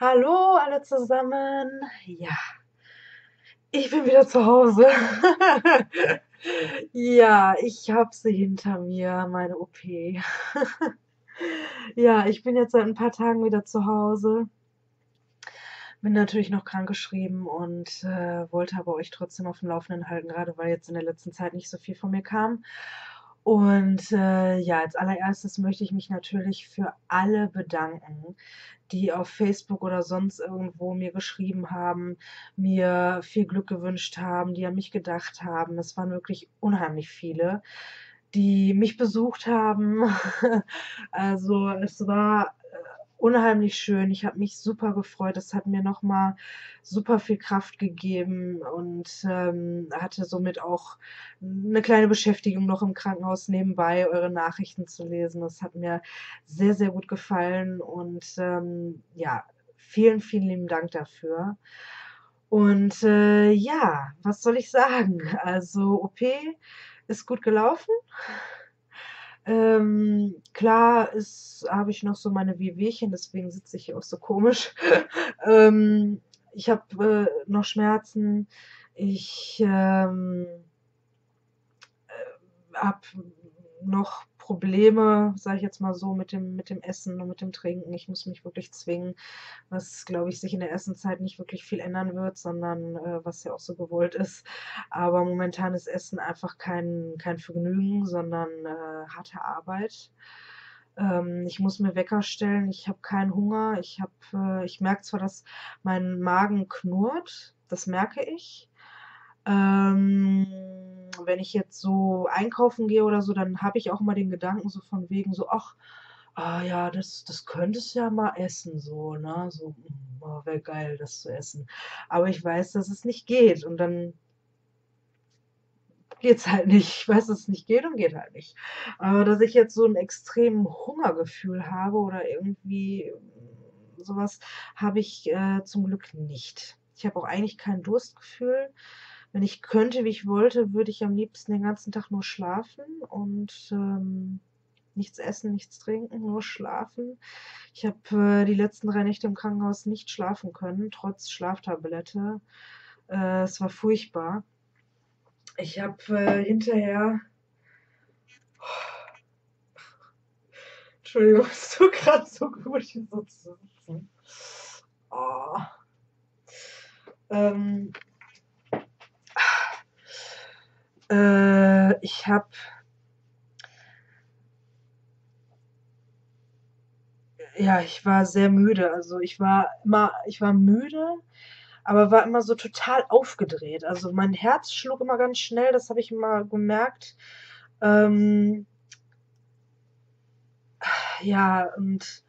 Hallo alle zusammen. Ja, ich bin wieder zu Hause. ja, ich habe sie hinter mir, meine OP. ja, ich bin jetzt seit ein paar Tagen wieder zu Hause. Bin natürlich noch krankgeschrieben und äh, wollte aber euch trotzdem auf dem Laufenden halten, gerade weil jetzt in der letzten Zeit nicht so viel von mir kam. Und äh, ja, als allererstes möchte ich mich natürlich für alle bedanken, die auf Facebook oder sonst irgendwo mir geschrieben haben, mir viel Glück gewünscht haben, die an mich gedacht haben. Es waren wirklich unheimlich viele, die mich besucht haben. also es war unheimlich schön. Ich habe mich super gefreut. Das hat mir nochmal super viel Kraft gegeben und ähm, hatte somit auch eine kleine Beschäftigung noch im Krankenhaus nebenbei, eure Nachrichten zu lesen. Das hat mir sehr, sehr gut gefallen und ähm, ja, vielen, vielen lieben Dank dafür. Und äh, ja, was soll ich sagen? Also OP ist gut gelaufen. Ähm, klar habe ich noch so meine Wehwehchen, deswegen sitze ich hier auch so komisch. ähm, ich habe äh, noch Schmerzen. Ich ähm, äh, habe noch Probleme, sage ich jetzt mal so, mit dem, mit dem Essen und mit dem Trinken. Ich muss mich wirklich zwingen, was, glaube ich, sich in der Essenzeit nicht wirklich viel ändern wird, sondern äh, was ja auch so gewollt ist. Aber momentan ist Essen einfach kein, kein Vergnügen, sondern äh, harte Arbeit ähm, ich muss mir Wecker stellen, ich habe keinen Hunger, ich habe, äh, ich merke zwar, dass mein Magen knurrt, das merke ich, ähm, wenn ich jetzt so einkaufen gehe oder so, dann habe ich auch mal den Gedanken so von wegen so, ach, ah ja, das, das könntest du ja mal essen, so, ne? So, mm, oh, wäre geil, das zu essen. Aber ich weiß, dass es nicht geht. Und dann geht es halt nicht. Ich weiß, dass es nicht geht und geht halt nicht. Aber dass ich jetzt so ein extremen Hungergefühl habe oder irgendwie mm, sowas, habe ich äh, zum Glück nicht. Ich habe auch eigentlich kein Durstgefühl. Wenn ich könnte, wie ich wollte, würde ich am liebsten den ganzen Tag nur schlafen und ähm, nichts essen, nichts trinken, nur schlafen. Ich habe äh, die letzten drei Nächte im Krankenhaus nicht schlafen können, trotz Schlaftablette. Äh, es war furchtbar. Ich habe äh, hinterher. Entschuldigung, es tut gerade so gut, hier so zu sitzen. Oh. Ähm, äh, ich habe ja, ich war sehr müde. Also ich war immer, ich war müde, aber war immer so total aufgedreht. Also mein Herz schlug immer ganz schnell, das habe ich immer gemerkt. Ähm, ja, und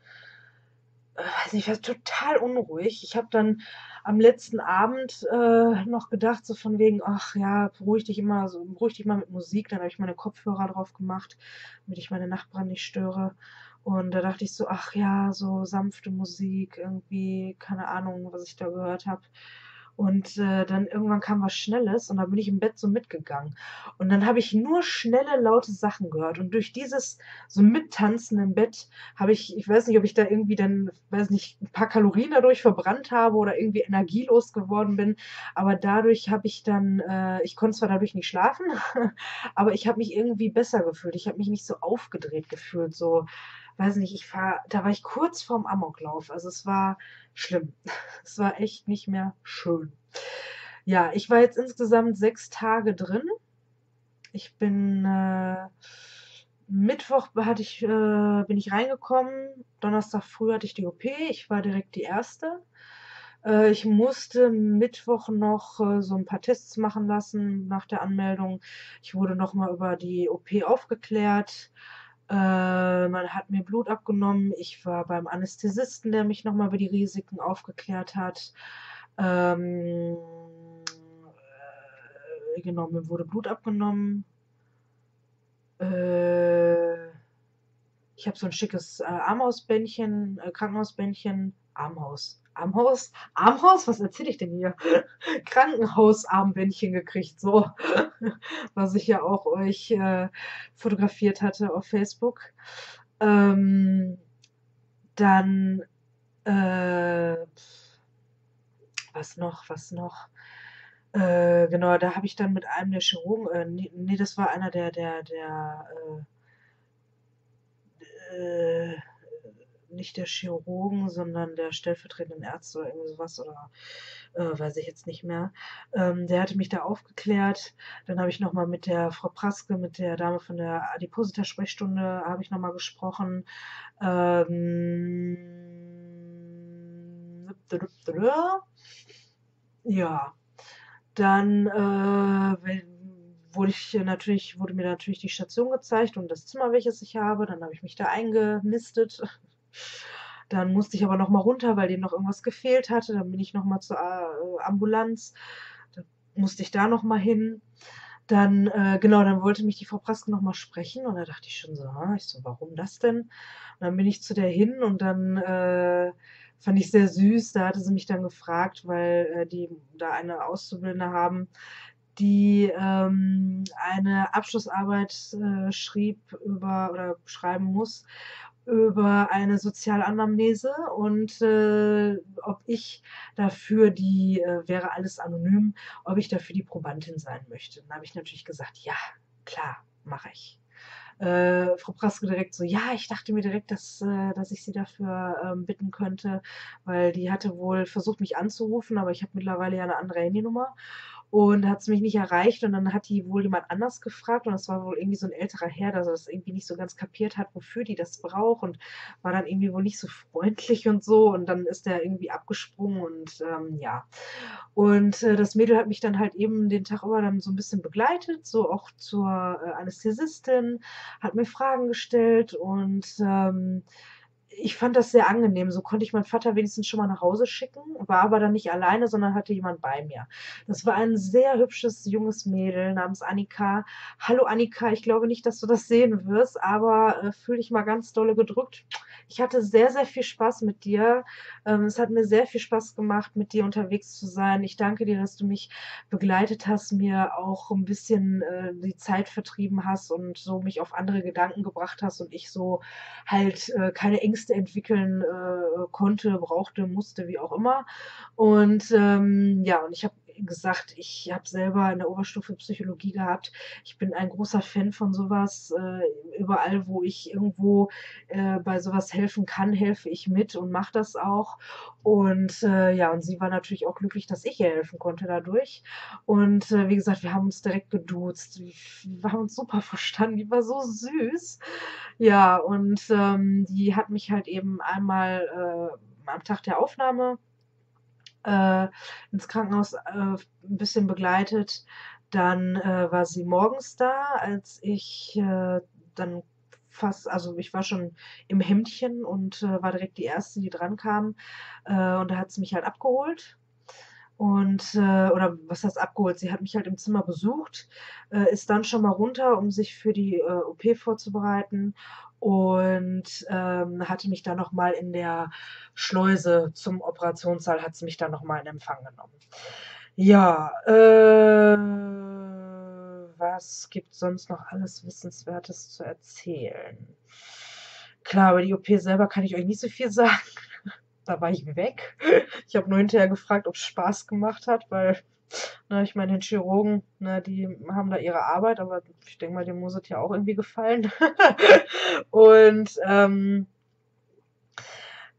äh, weiß nicht, ich war total unruhig. Ich habe dann am letzten Abend äh, noch gedacht, so von wegen, ach ja, beruhig dich immer, so, beruhig dich mal mit Musik. Dann habe ich meine Kopfhörer drauf gemacht, damit ich meine Nachbarn nicht störe. Und da dachte ich so, ach ja, so sanfte Musik, irgendwie, keine Ahnung, was ich da gehört habe. Und äh, dann irgendwann kam was Schnelles und dann bin ich im Bett so mitgegangen. Und dann habe ich nur schnelle, laute Sachen gehört. Und durch dieses so Mittanzen im Bett habe ich, ich weiß nicht, ob ich da irgendwie dann, weiß nicht, ein paar Kalorien dadurch verbrannt habe oder irgendwie energielos geworden bin. Aber dadurch habe ich dann, äh, ich konnte zwar dadurch nicht schlafen, aber ich habe mich irgendwie besser gefühlt. Ich habe mich nicht so aufgedreht gefühlt, so weiß nicht, ich war, da war ich kurz vorm Amoklauf. Also es war schlimm. Es war echt nicht mehr schön. Ja, ich war jetzt insgesamt sechs Tage drin. Ich bin äh, Mittwoch hatte ich, äh, bin ich reingekommen, Donnerstag früh hatte ich die OP, ich war direkt die erste. Äh, ich musste Mittwoch noch äh, so ein paar Tests machen lassen nach der Anmeldung. Ich wurde nochmal über die OP aufgeklärt. Äh, man hat mir Blut abgenommen. Ich war beim Anästhesisten, der mich nochmal über die Risiken aufgeklärt hat. Ähm, äh, genau, mir wurde Blut abgenommen. Äh, ich habe so ein schickes äh, Armhausbändchen, äh, Krankenhausbändchen, Armhaus, Armhaus? Armhaus? Was erzähle ich denn hier? Krankenhausarmbändchen gekriegt, so. Was ich ja auch euch äh, fotografiert hatte auf Facebook. Ähm, dann, äh, was noch, was noch? Äh, genau, da habe ich dann mit einem der Chirurgen, äh, nee, nee, das war einer der, der, der, äh, äh nicht der Chirurgen, sondern der stellvertretenden Ärzte oder irgendwie sowas oder äh, weiß ich jetzt nicht mehr. Ähm, der hatte mich da aufgeklärt. Dann habe ich nochmal mit der Frau Praske, mit der Dame von der Adipositas-Sprechstunde, habe ich nochmal gesprochen. Ähm, ja, dann äh, wurde ich natürlich, wurde mir natürlich die Station gezeigt und das Zimmer, welches ich habe. Dann habe ich mich da eingenistet. Dann musste ich aber nochmal runter, weil dem noch irgendwas gefehlt hatte. Dann bin ich nochmal zur äh, Ambulanz. Dann musste ich da nochmal hin. Dann, äh, genau, dann wollte mich die Frau Praske nochmal sprechen und da dachte ich schon so, ah, ich so, warum das denn? Und dann bin ich zu der hin und dann äh, fand ich sehr süß. Da hatte sie mich dann gefragt, weil äh, die da eine Auszubildende haben, die ähm, eine Abschlussarbeit äh, schrieb über oder schreiben muss über eine Sozialanamnese und äh, ob ich dafür die, äh, wäre alles anonym, ob ich dafür die Probandin sein möchte. Dann habe ich natürlich gesagt, ja, klar, mache ich. Äh, Frau Praske direkt so, ja, ich dachte mir direkt, dass, äh, dass ich sie dafür ähm, bitten könnte, weil die hatte wohl versucht, mich anzurufen, aber ich habe mittlerweile ja eine andere Handynummer und hat es mich nicht erreicht und dann hat die wohl jemand anders gefragt und das war wohl irgendwie so ein älterer Herr, dass er das irgendwie nicht so ganz kapiert hat, wofür die das braucht und war dann irgendwie wohl nicht so freundlich und so und dann ist der irgendwie abgesprungen und ähm, ja. Und äh, das Mädel hat mich dann halt eben den Tag über dann so ein bisschen begleitet, so auch zur äh, Anästhesistin, hat mir Fragen gestellt und ähm, ich fand das sehr angenehm. So konnte ich meinen Vater wenigstens schon mal nach Hause schicken, war aber dann nicht alleine, sondern hatte jemand bei mir. Das war ein sehr hübsches junges Mädel namens Annika. Hallo Annika, ich glaube nicht, dass du das sehen wirst, aber äh, fühle dich mal ganz dolle gedrückt. Ich hatte sehr, sehr viel Spaß mit dir. Ähm, es hat mir sehr viel Spaß gemacht, mit dir unterwegs zu sein. Ich danke dir, dass du mich begleitet hast, mir auch ein bisschen äh, die Zeit vertrieben hast und so mich auf andere Gedanken gebracht hast und ich so halt äh, keine Ängste Ängste entwickeln äh, konnte, brauchte, musste, wie auch immer. Und ähm, ja, und ich habe gesagt, ich habe selber in der Oberstufe Psychologie gehabt. Ich bin ein großer Fan von sowas. Äh, überall, wo ich irgendwo äh, bei sowas helfen kann, helfe ich mit und mache das auch. Und äh, ja, und sie war natürlich auch glücklich, dass ich ihr helfen konnte dadurch. Und äh, wie gesagt, wir haben uns direkt geduzt. Wir haben uns super verstanden. Die war so süß. Ja, und ähm, die hat mich halt eben einmal äh, am Tag der Aufnahme äh, ins Krankenhaus äh, ein bisschen begleitet. Dann äh, war sie morgens da, als ich äh, dann fast, also ich war schon im Hemdchen und äh, war direkt die Erste, die dran kam. Äh, und da hat sie mich halt abgeholt und äh, oder was heißt abgeholt? Sie hat mich halt im Zimmer besucht, äh, ist dann schon mal runter, um sich für die äh, OP vorzubereiten und ähm, hatte mich dann nochmal in der Schleuse zum Operationssaal, hat sie mich dann nochmal in Empfang genommen. Ja, äh, was gibt sonst noch alles Wissenswertes zu erzählen? Klar, über die OP selber kann ich euch nicht so viel sagen. da war ich weg. Ich habe nur hinterher gefragt, ob es Spaß gemacht hat, weil Ne, ich meine, Chirurgen, ne, die haben da ihre Arbeit, aber ich denke mal, dem muss es ja auch irgendwie gefallen. und ähm,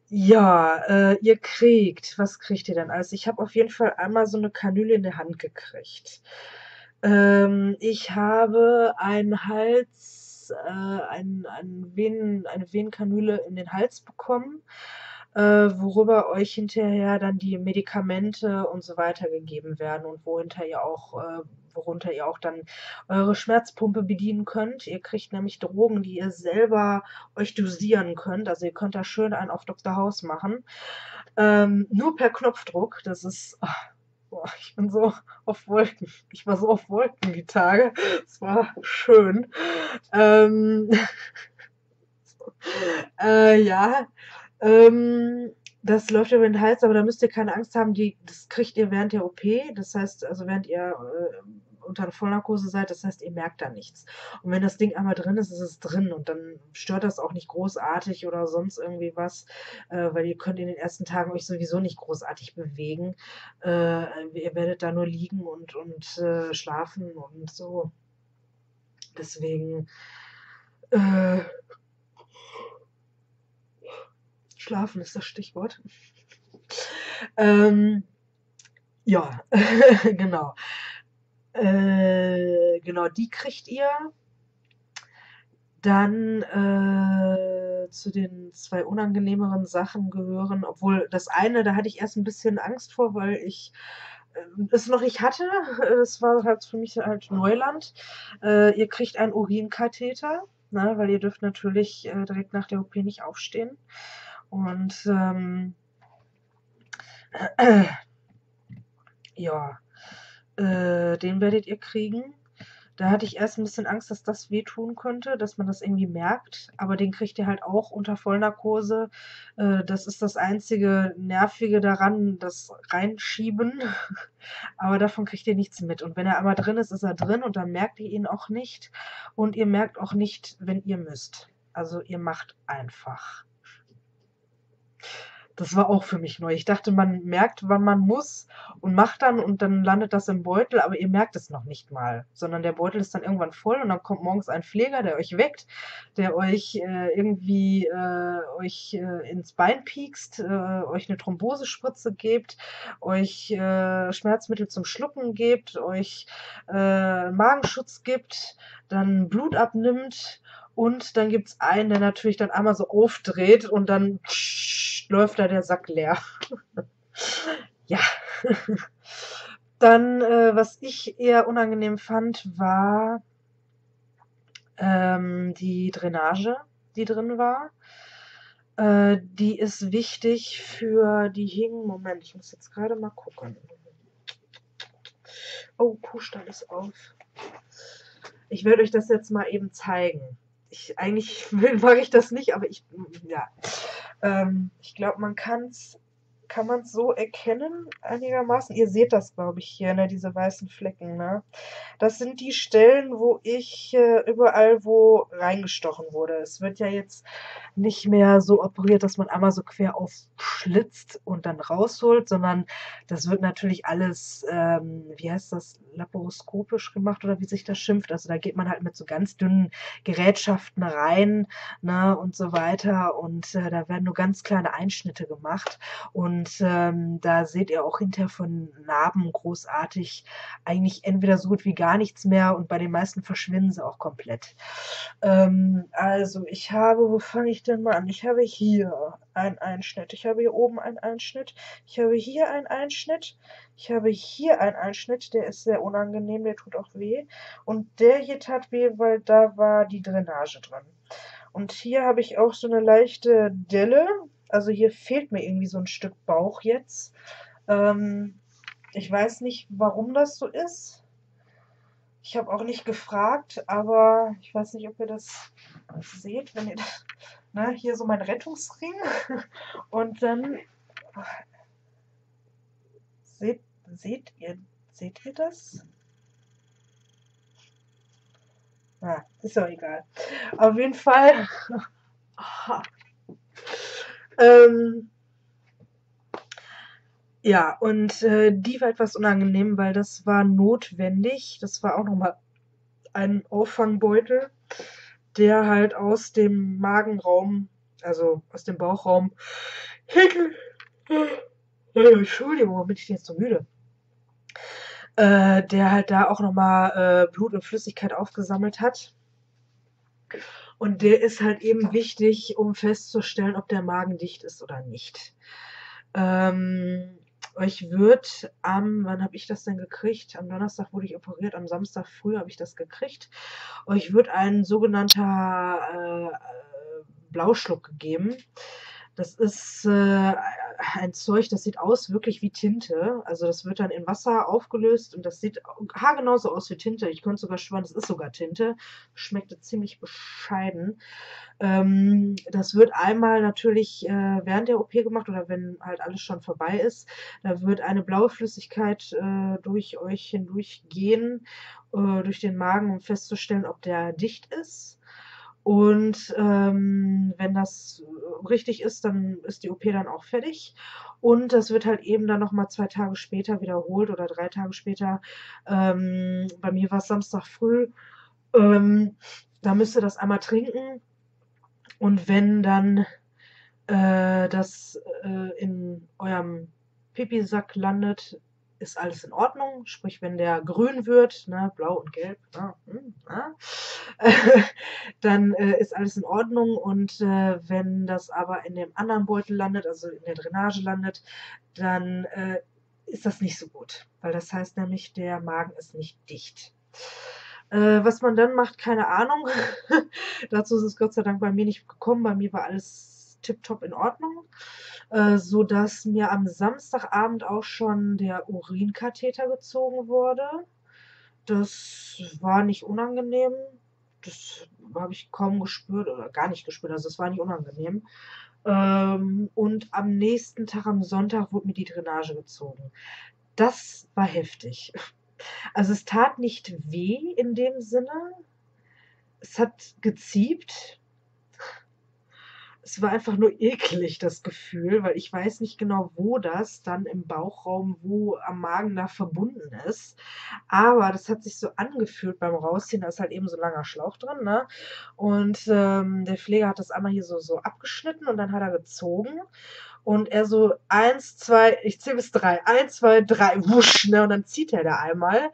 ja, äh, ihr kriegt, was kriegt ihr denn Also Ich habe auf jeden Fall einmal so eine Kanüle in der Hand gekriegt. Ähm, ich habe einen Hals, äh, ein, ein Venen, eine Venenkanüle in den Hals bekommen äh, worüber euch hinterher dann die Medikamente und so weiter gegeben werden und wohinter ihr auch, äh, worunter ihr auch dann eure Schmerzpumpe bedienen könnt. Ihr kriegt nämlich Drogen, die ihr selber euch dosieren könnt. Also ihr könnt da schön einen auf Dr. House machen. Ähm, nur per Knopfdruck. Das ist. Oh, ich bin so auf Wolken. Ich war so auf Wolken die Tage. Es war schön. Ähm, äh, ja, ähm, das läuft über den Hals, aber da müsst ihr keine Angst haben, die, das kriegt ihr während der OP, das heißt, also während ihr äh, unter Vollnarkose seid, das heißt, ihr merkt da nichts. Und wenn das Ding einmal drin ist, ist es drin und dann stört das auch nicht großartig oder sonst irgendwie was, äh, weil ihr könnt in den ersten Tagen euch sowieso nicht großartig bewegen. Äh, ihr werdet da nur liegen und, und äh, schlafen und so. Deswegen äh, Schlafen ist das Stichwort. ähm, ja, genau. Äh, genau, die kriegt ihr. Dann äh, zu den zwei unangenehmeren Sachen gehören, obwohl das eine, da hatte ich erst ein bisschen Angst vor, weil ich äh, es noch nicht hatte. Das war halt für mich halt Neuland. Äh, ihr kriegt einen Urinkatheter, ne, weil ihr dürft natürlich äh, direkt nach der OP nicht aufstehen. Und ähm, äh, ja, äh, den werdet ihr kriegen. Da hatte ich erst ein bisschen Angst, dass das wehtun könnte, dass man das irgendwie merkt. Aber den kriegt ihr halt auch unter Vollnarkose. Äh, das ist das einzige Nervige daran, das Reinschieben. Aber davon kriegt ihr nichts mit. Und wenn er einmal drin ist, ist er drin und dann merkt ihr ihn auch nicht. Und ihr merkt auch nicht, wenn ihr müsst. Also ihr macht einfach das war auch für mich neu. Ich dachte, man merkt, wann man muss und macht dann und dann landet das im Beutel, aber ihr merkt es noch nicht mal, sondern der Beutel ist dann irgendwann voll und dann kommt morgens ein Pfleger, der euch weckt, der euch äh, irgendwie äh, euch äh, ins Bein piekst, äh, euch eine Thrombosespritze gibt, euch äh, Schmerzmittel zum Schlucken gibt, euch äh, Magenschutz gibt, dann Blut abnimmt und dann gibt's einen, der natürlich dann einmal so aufdreht und dann psch, läuft da der Sack leer. ja. dann, äh, was ich eher unangenehm fand, war ähm, die Drainage, die drin war. Äh, die ist wichtig für die Hingen. Moment, ich muss jetzt gerade mal gucken. Oh, Kuhstall ist auf. Ich werde euch das jetzt mal eben zeigen ich, eigentlich mag ich das nicht, aber ich, ja. Ähm, ich glaube, man kann es kann man es so erkennen einigermaßen? Ihr seht das, glaube ich, hier, ne? diese weißen Flecken. Ne? Das sind die Stellen, wo ich äh, überall wo reingestochen wurde. Es wird ja jetzt nicht mehr so operiert, dass man einmal so quer aufschlitzt und dann rausholt, sondern das wird natürlich alles, ähm, wie heißt das, laparoskopisch gemacht oder wie sich das schimpft. Also da geht man halt mit so ganz dünnen Gerätschaften rein ne? und so weiter und äh, da werden nur ganz kleine Einschnitte gemacht und und ähm, da seht ihr auch hinter von Narben großartig eigentlich entweder so gut wie gar nichts mehr und bei den meisten verschwinden sie auch komplett. Ähm, also ich habe, wo fange ich denn mal an? Ich habe hier einen Einschnitt, ich habe hier oben einen Einschnitt, ich habe hier einen Einschnitt, ich habe hier einen Einschnitt, der ist sehr unangenehm, der tut auch weh. Und der hier tat weh, weil da war die Drainage drin. Und hier habe ich auch so eine leichte Delle, also hier fehlt mir irgendwie so ein Stück Bauch jetzt. Ähm, ich weiß nicht, warum das so ist. Ich habe auch nicht gefragt, aber ich weiß nicht, ob ihr das seht, wenn ihr das, ne, hier so mein Rettungsring und dann seht, seht ihr seht ihr das? Ah, ist doch egal. Auf jeden Fall ah. Ähm, ja, und äh, die war etwas unangenehm, weil das war notwendig. Das war auch nochmal ein Auffangbeutel, der halt aus dem Magenraum, also aus dem Bauchraum, hinten. Äh, Entschuldigung, warum bin ich denn jetzt so müde? Äh, der halt da auch nochmal äh, Blut und Flüssigkeit aufgesammelt hat. Und der ist halt eben wichtig, um festzustellen, ob der Magen dicht ist oder nicht. Ähm, ich würde am, wann habe ich das denn gekriegt? Am Donnerstag wurde ich operiert, am Samstag früh habe ich das gekriegt. Euch wird ein sogenannter äh, äh Blauschluck gegeben. Das ist äh, ein Zeug, das sieht aus wirklich wie Tinte. Also das wird dann in Wasser aufgelöst und das sieht haargenauso aus wie Tinte. Ich könnte sogar schwören, das ist sogar Tinte. Schmeckte ziemlich bescheiden. Ähm, das wird einmal natürlich äh, während der OP gemacht oder wenn halt alles schon vorbei ist. Da wird eine blaue Flüssigkeit äh, durch euch hindurch gehen, äh, durch den Magen, um festzustellen, ob der dicht ist. Und ähm, wenn das richtig ist, dann ist die OP dann auch fertig. Und das wird halt eben dann nochmal zwei Tage später wiederholt oder drei Tage später. Ähm, bei mir war es Samstag früh. Ähm, da müsst ihr das einmal trinken. Und wenn dann äh, das äh, in eurem Pipisack landet, ist alles in Ordnung. Sprich, wenn der grün wird, ne, blau und gelb, na, ne, hm, na, ne, dann äh, ist alles in Ordnung. Und äh, wenn das aber in dem anderen Beutel landet, also in der Drainage landet, dann äh, ist das nicht so gut, weil das heißt nämlich, der Magen ist nicht dicht. Äh, was man dann macht, keine Ahnung. Dazu ist es Gott sei Dank bei mir nicht gekommen. Bei mir war alles tiptop in Ordnung äh, sodass mir am Samstagabend auch schon der Urinkatheter gezogen wurde. Das war nicht unangenehm. Das habe ich kaum gespürt oder gar nicht gespürt. Also es war nicht unangenehm. Ähm, und am nächsten Tag, am Sonntag, wurde mir die Drainage gezogen. Das war heftig. Also es tat nicht weh in dem Sinne. Es hat geziebt, es war einfach nur eklig, das Gefühl, weil ich weiß nicht genau, wo das dann im Bauchraum, wo am Magen da verbunden ist. Aber das hat sich so angefühlt beim Rausziehen. Da ist halt eben so ein langer Schlauch drin, ne? Und ähm, der Pfleger hat das einmal hier so, so abgeschnitten und dann hat er gezogen. Und er so, eins, zwei, ich zähle bis drei, eins, zwei, drei, wusch, ne? Und dann zieht er da einmal.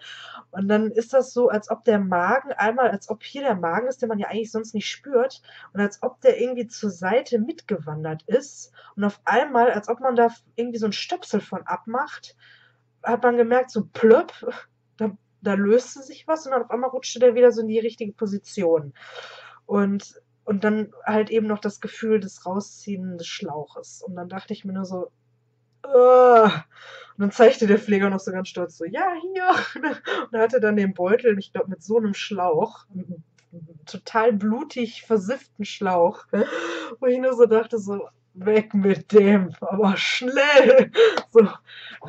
Und dann ist das so, als ob der Magen einmal, als ob hier der Magen ist, den man ja eigentlich sonst nicht spürt. Und als ob der irgendwie zur Seite mitgewandert ist. Und auf einmal, als ob man da irgendwie so ein Stöpsel von abmacht, hat man gemerkt, so plöpp, da, da löste sich was und dann auf einmal rutschte der wieder so in die richtige Position. Und und dann halt eben noch das Gefühl des Rausziehen des Schlauches. Und dann dachte ich mir nur so, Uh, und dann zeigte der Pfleger noch so ganz stolz so, ja, hier. Und er hatte dann den Beutel, ich glaube, mit so einem Schlauch, einem total blutig versifften Schlauch, wo ich nur so dachte, so, weg mit dem, aber schnell. So,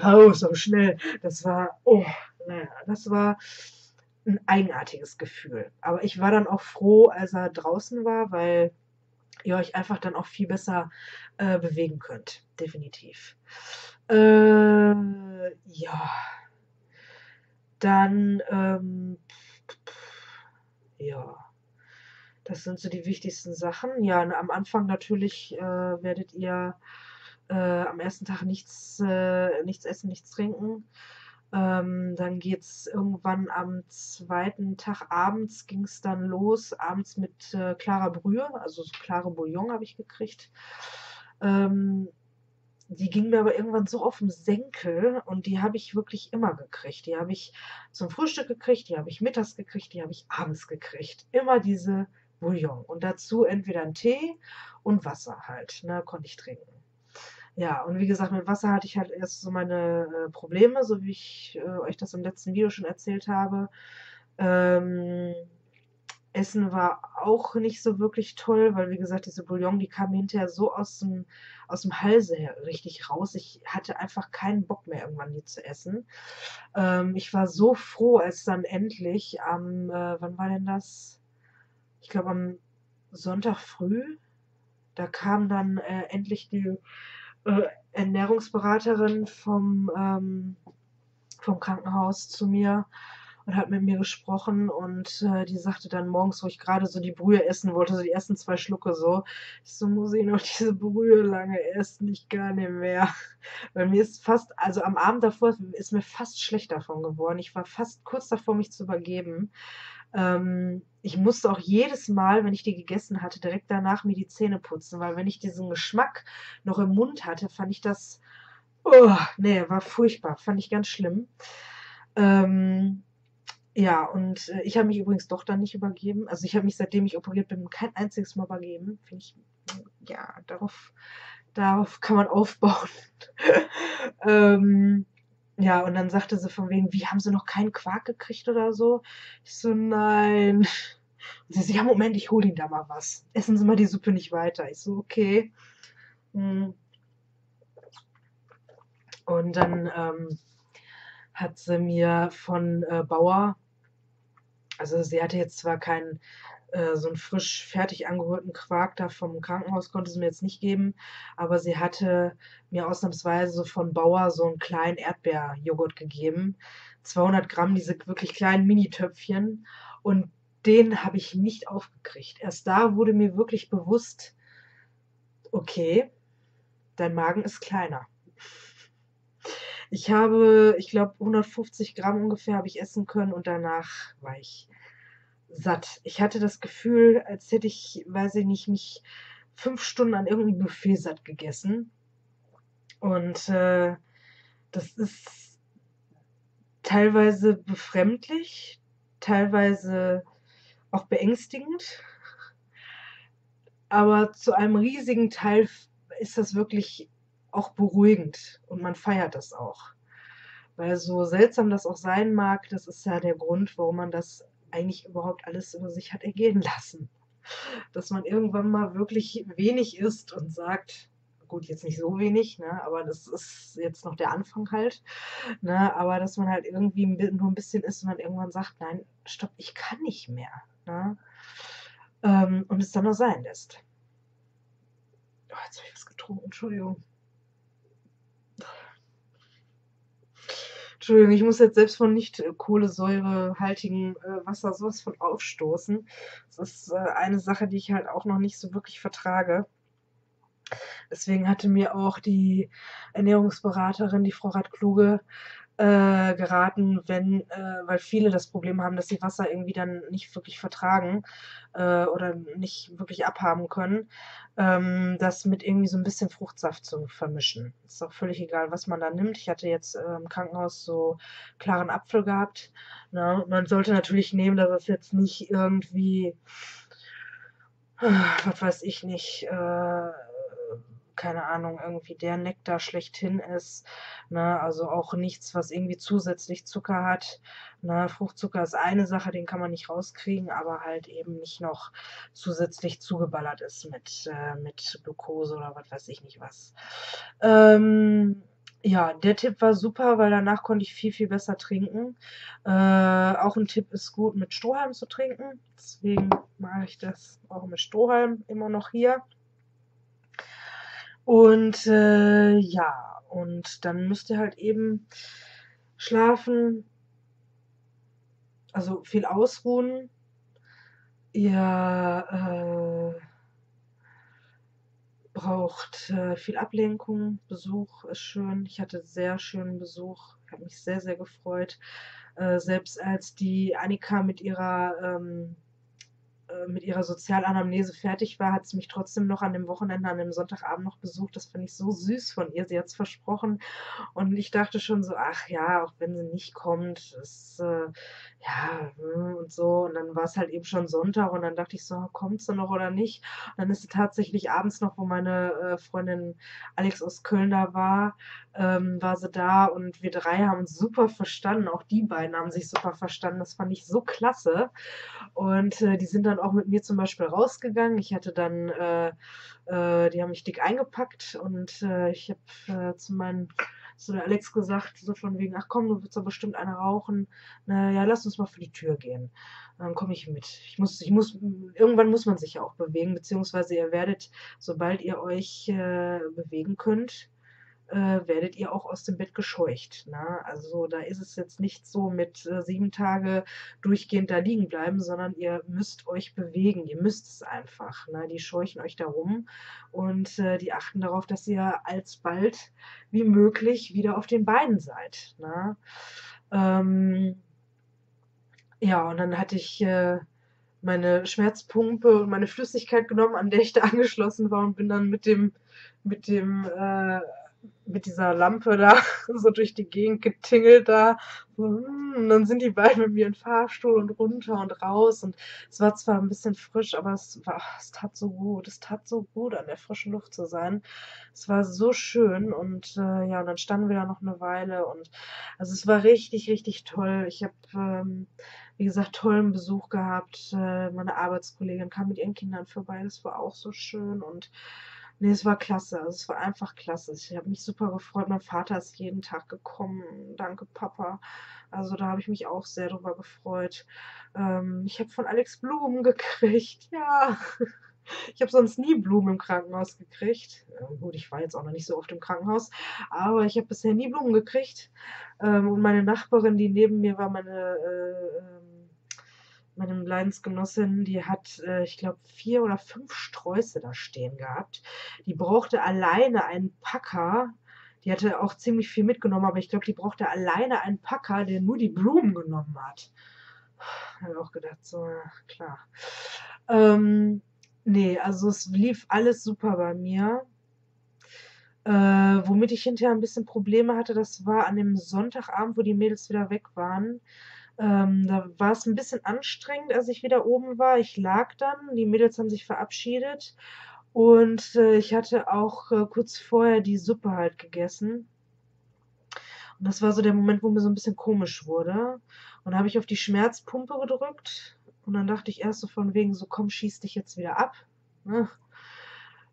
raus, aber schnell. Das war, oh, naja, das war ein eigenartiges Gefühl. Aber ich war dann auch froh, als er draußen war, weil ihr euch einfach dann auch viel besser äh, bewegen könnt. Definitiv. Äh, ja. Dann, ähm, ja. Das sind so die wichtigsten Sachen. Ja, ne, am Anfang natürlich äh, werdet ihr äh, am ersten Tag nichts, äh, nichts essen, nichts trinken. Ähm, dann geht es irgendwann am zweiten Tag abends, ging es dann los, abends mit äh, klarer Brühe, also so klare Bouillon habe ich gekriegt. Ähm, die ging mir aber irgendwann so auf den Senkel und die habe ich wirklich immer gekriegt. Die habe ich zum Frühstück gekriegt, die habe ich mittags gekriegt, die habe ich abends gekriegt. Immer diese Bouillon und dazu entweder einen Tee und Wasser halt, ne, konnte ich trinken. Ja, und wie gesagt, mit Wasser hatte ich halt erst so meine äh, Probleme, so wie ich äh, euch das im letzten Video schon erzählt habe. Ähm, Essen war auch nicht so wirklich toll, weil wie gesagt, diese Bouillon, die kam hinterher so aus dem, aus dem Halse richtig raus. Ich hatte einfach keinen Bock mehr, irgendwann die zu essen. Ähm, ich war so froh, als dann endlich am, äh, wann war denn das? Ich glaube am Sonntag früh, da kam dann äh, endlich die äh, Ernährungsberaterin vom, ähm, vom Krankenhaus zu mir und hat mit mir gesprochen und äh, die sagte dann morgens, wo ich gerade so die Brühe essen wollte, so die ersten zwei Schlucke so, ich so muss ich noch diese Brühe lange essen, ich gar nicht mehr. Bei mir ist fast, also am Abend davor ist mir fast schlecht davon geworden. Ich war fast kurz davor, mich zu übergeben. Ähm, ich musste auch jedes Mal, wenn ich die gegessen hatte, direkt danach mir die Zähne putzen, weil wenn ich diesen Geschmack noch im Mund hatte, fand ich das, oh, nee, war furchtbar, fand ich ganz schlimm. Ähm, ja, und äh, ich habe mich übrigens doch dann nicht übergeben. Also ich habe mich, seitdem ich operiert bin, kein einziges Mal übergeben. Finde ich, ja, darauf, darauf kann man aufbauen. ähm, ja, und dann sagte sie von wegen, wie haben sie noch keinen Quark gekriegt oder so? Ich so, nein. Und sie so, ja, Moment, ich hole ihnen da mal was. Essen Sie mal die Suppe nicht weiter. Ich so, okay. Hm. Und dann ähm, hat sie mir von äh, Bauer, also sie hatte jetzt zwar keinen äh, so einen frisch fertig angeholten Quark da vom Krankenhaus konnte sie mir jetzt nicht geben, aber sie hatte mir ausnahmsweise von Bauer so einen kleinen Erdbeerjoghurt gegeben. 200 Gramm, diese wirklich kleinen Minitöpfchen. Und den habe ich nicht aufgekriegt. Erst da wurde mir wirklich bewusst, okay, dein Magen ist kleiner. Ich habe, ich glaube, 150 Gramm ungefähr habe ich essen können und danach war ich satt. Ich hatte das Gefühl, als hätte ich, weiß ich nicht, mich fünf Stunden an irgendeinem Buffet satt gegessen. Und äh, das ist teilweise befremdlich, teilweise auch beängstigend. Aber zu einem riesigen Teil ist das wirklich auch beruhigend und man feiert das auch. Weil so seltsam das auch sein mag, das ist ja der Grund, warum man das eigentlich überhaupt alles über sich hat ergehen lassen. Dass man irgendwann mal wirklich wenig isst und sagt, gut, jetzt nicht so wenig, ne, aber das ist jetzt noch der Anfang halt. Ne, aber dass man halt irgendwie nur ein bisschen isst und dann irgendwann sagt, nein, stopp, ich kann nicht mehr. Ne, ähm, und es dann noch sein lässt. Oh, jetzt habe ich was getrunken, Entschuldigung. Entschuldigung, ich muss jetzt selbst von nicht äh, kohlensäurehaltigem äh, Wasser sowas von aufstoßen. Das ist äh, eine Sache, die ich halt auch noch nicht so wirklich vertrage. Deswegen hatte mir auch die Ernährungsberaterin, die Frau Radkluge, äh, geraten, wenn, äh, weil viele das Problem haben, dass sie Wasser irgendwie dann nicht wirklich vertragen äh, oder nicht wirklich abhaben können, ähm, das mit irgendwie so ein bisschen Fruchtsaft zu vermischen. Ist auch völlig egal, was man da nimmt. Ich hatte jetzt äh, im Krankenhaus so klaren Apfel gehabt. Na, ne? man sollte natürlich nehmen, dass es jetzt nicht irgendwie, äh, was weiß ich nicht, äh, keine Ahnung, irgendwie der Nektar schlechthin ist. Ne? Also auch nichts, was irgendwie zusätzlich Zucker hat. Ne? Fruchtzucker ist eine Sache, den kann man nicht rauskriegen, aber halt eben nicht noch zusätzlich zugeballert ist mit, äh, mit Glucose oder was weiß ich nicht was. Ähm, ja, der Tipp war super, weil danach konnte ich viel, viel besser trinken. Äh, auch ein Tipp ist gut, mit Strohhalm zu trinken. Deswegen mache ich das auch mit Strohhalm immer noch hier. Und äh, ja, und dann müsst ihr halt eben schlafen, also viel ausruhen. Ihr äh, braucht äh, viel Ablenkung. Besuch ist schön. Ich hatte sehr schönen Besuch. habe mich sehr, sehr gefreut. Äh, selbst als die Annika mit ihrer ähm, äh, mit ihrer Sozialanamnese fertig war, hat sie mich trotzdem noch an dem Wochenende, an dem Sonntagabend noch besucht. Das fand ich so süß von ihr. Sie hat es versprochen. Und ich dachte schon so, ach ja, auch wenn sie nicht kommt, ist, äh, ja, mhm, und so. Und dann war es halt eben schon Sonntag und dann dachte ich so, kommt sie noch oder nicht? Und dann ist sie tatsächlich abends noch, wo meine äh, Freundin Alex aus Köln da war, ähm, war sie da und wir drei haben uns super verstanden. Auch die beiden haben sich super verstanden. Das fand ich so klasse. Und äh, die sind dann auch mit mir zum Beispiel rausgegangen. Ich hatte dann, äh, äh, die haben mich dick eingepackt und äh, ich habe äh, zu meinen so der Alex gesagt, so von wegen, ach komm, du willst doch bestimmt eine rauchen. Na, ja, lass uns mal für die Tür gehen. Dann komme ich mit. Ich muss, ich muss, irgendwann muss man sich ja auch bewegen, beziehungsweise ihr werdet, sobald ihr euch äh, bewegen könnt, äh, werdet ihr auch aus dem Bett gescheucht. Ne? Also da ist es jetzt nicht so mit äh, sieben Tage durchgehend da liegen bleiben, sondern ihr müsst euch bewegen, ihr müsst es einfach. Ne? Die scheuchen euch darum und äh, die achten darauf, dass ihr alsbald wie möglich wieder auf den Beinen seid. Ne? Ähm, ja, und dann hatte ich äh, meine Schmerzpumpe und meine Flüssigkeit genommen, an der ich da angeschlossen war und bin dann mit dem mit dem äh, mit dieser Lampe da so durch die Gegend getingelt da. Und hm, dann sind die beiden mit mir in den Fahrstuhl und runter und raus. Und es war zwar ein bisschen frisch, aber es, war, es tat so gut. Es tat so gut, an der frischen Luft zu sein. Es war so schön. Und äh, ja, und dann standen wir da noch eine Weile. Und also es war richtig, richtig toll. Ich habe, ähm, wie gesagt, tollen Besuch gehabt. Äh, meine Arbeitskollegin kam mit ihren Kindern vorbei. Das war auch so schön. Und Nee, es war klasse. Also es war einfach klasse. Ich habe mich super gefreut. Mein Vater ist jeden Tag gekommen. Danke, Papa. Also da habe ich mich auch sehr drüber gefreut. Ähm, ich habe von Alex Blumen gekriegt. Ja. Ich habe sonst nie Blumen im Krankenhaus gekriegt. Ähm, gut, ich war jetzt auch noch nicht so oft im Krankenhaus, aber ich habe bisher nie Blumen gekriegt. Ähm, und meine Nachbarin, die neben mir war, meine äh, äh meine Leidensgenossin, die hat, äh, ich glaube, vier oder fünf Sträuße da stehen gehabt. Die brauchte alleine einen Packer. Die hatte auch ziemlich viel mitgenommen, aber ich glaube, die brauchte alleine einen Packer, der nur die Blumen genommen hat. Habe ich auch gedacht, so, ja, klar. Ähm, nee, also es lief alles super bei mir. Äh, womit ich hinterher ein bisschen Probleme hatte, das war an dem Sonntagabend, wo die Mädels wieder weg waren ähm, da war es ein bisschen anstrengend, als ich wieder oben war. Ich lag dann, die Mädels haben sich verabschiedet und äh, ich hatte auch äh, kurz vorher die Suppe halt gegessen. Und das war so der Moment, wo mir so ein bisschen komisch wurde. Und da habe ich auf die Schmerzpumpe gedrückt und dann dachte ich erst so von wegen, so komm, schieß dich jetzt wieder ab. Ne?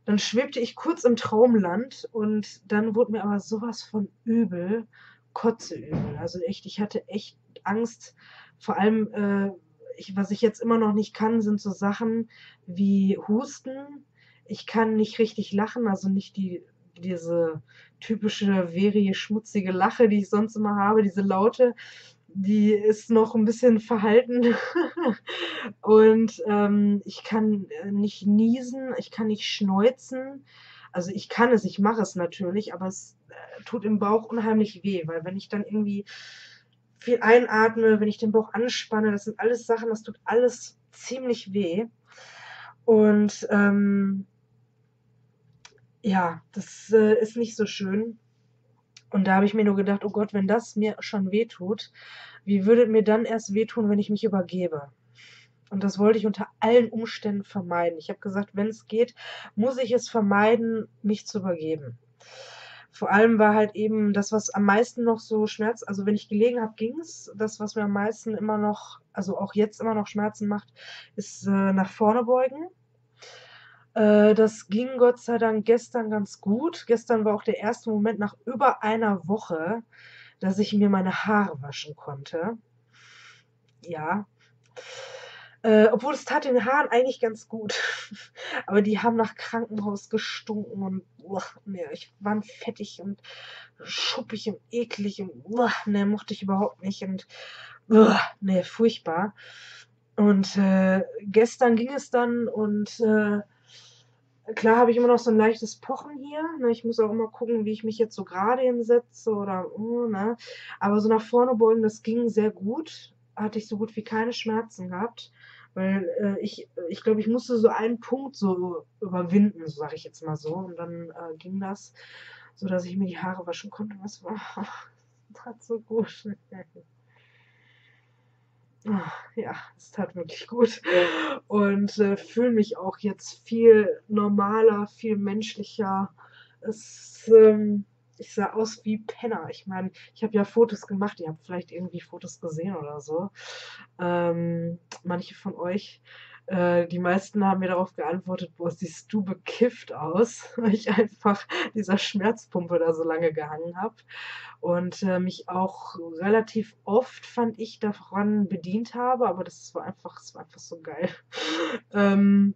Dann schwebte ich kurz im Traumland und dann wurde mir aber sowas von übel, kotzeübel. Also echt, ich hatte echt Angst. Vor allem, äh, ich, was ich jetzt immer noch nicht kann, sind so Sachen wie Husten. Ich kann nicht richtig lachen, also nicht die, diese typische, verie, schmutzige Lache, die ich sonst immer habe, diese Laute, die ist noch ein bisschen verhalten. und ähm, ich kann äh, nicht niesen, ich kann nicht schneuzen. Also ich kann es, ich mache es natürlich, aber es äh, tut im Bauch unheimlich weh, weil wenn ich dann irgendwie viel einatme, wenn ich den Bauch anspanne. Das sind alles Sachen, das tut alles ziemlich weh. Und ähm, ja, das äh, ist nicht so schön. Und da habe ich mir nur gedacht, oh Gott, wenn das mir schon wehtut, wie würde mir dann erst wehtun, wenn ich mich übergebe? Und das wollte ich unter allen Umständen vermeiden. Ich habe gesagt, wenn es geht, muss ich es vermeiden, mich zu übergeben vor allem war halt eben das, was am meisten noch so Schmerz, also wenn ich gelegen habe, ging es. Das, was mir am meisten immer noch, also auch jetzt immer noch Schmerzen macht, ist äh, nach vorne beugen. Äh, das ging Gott sei Dank gestern ganz gut. Gestern war auch der erste Moment nach über einer Woche, dass ich mir meine Haare waschen konnte. Ja. Äh, obwohl es tat den Haaren eigentlich ganz gut. Aber die haben nach Krankenhaus gestunken und uah, nee, ich war fettig und schuppig und eklig und uah, nee, mochte ich überhaupt nicht und uah, nee, furchtbar. Und äh, gestern ging es dann und äh, klar habe ich immer noch so ein leichtes Pochen hier. Ne? Ich muss auch immer gucken, wie ich mich jetzt so gerade hinsetze oder uh, ne? Aber so nach vorne beugen, das ging sehr gut. Hatte ich so gut wie keine Schmerzen gehabt. Weil äh, ich, ich glaube, ich musste so einen Punkt so überwinden, so sage ich jetzt mal so. Und dann äh, ging das, so dass ich mir die Haare waschen konnte. Was war das tat so gut. ja, es tat wirklich gut. Und äh, fühle mich auch jetzt viel normaler, viel menschlicher. Es ähm, ich sah aus wie Penner. Ich meine, ich habe ja Fotos gemacht, ihr habt vielleicht irgendwie Fotos gesehen oder so. Ähm, manche von euch. Äh, die meisten haben mir darauf geantwortet, boah, siehst du bekifft aus, weil ich einfach dieser Schmerzpumpe da so lange gehangen habe. Und äh, mich auch relativ oft, fand ich, daran bedient habe, aber das war einfach, das war einfach so geil. ähm,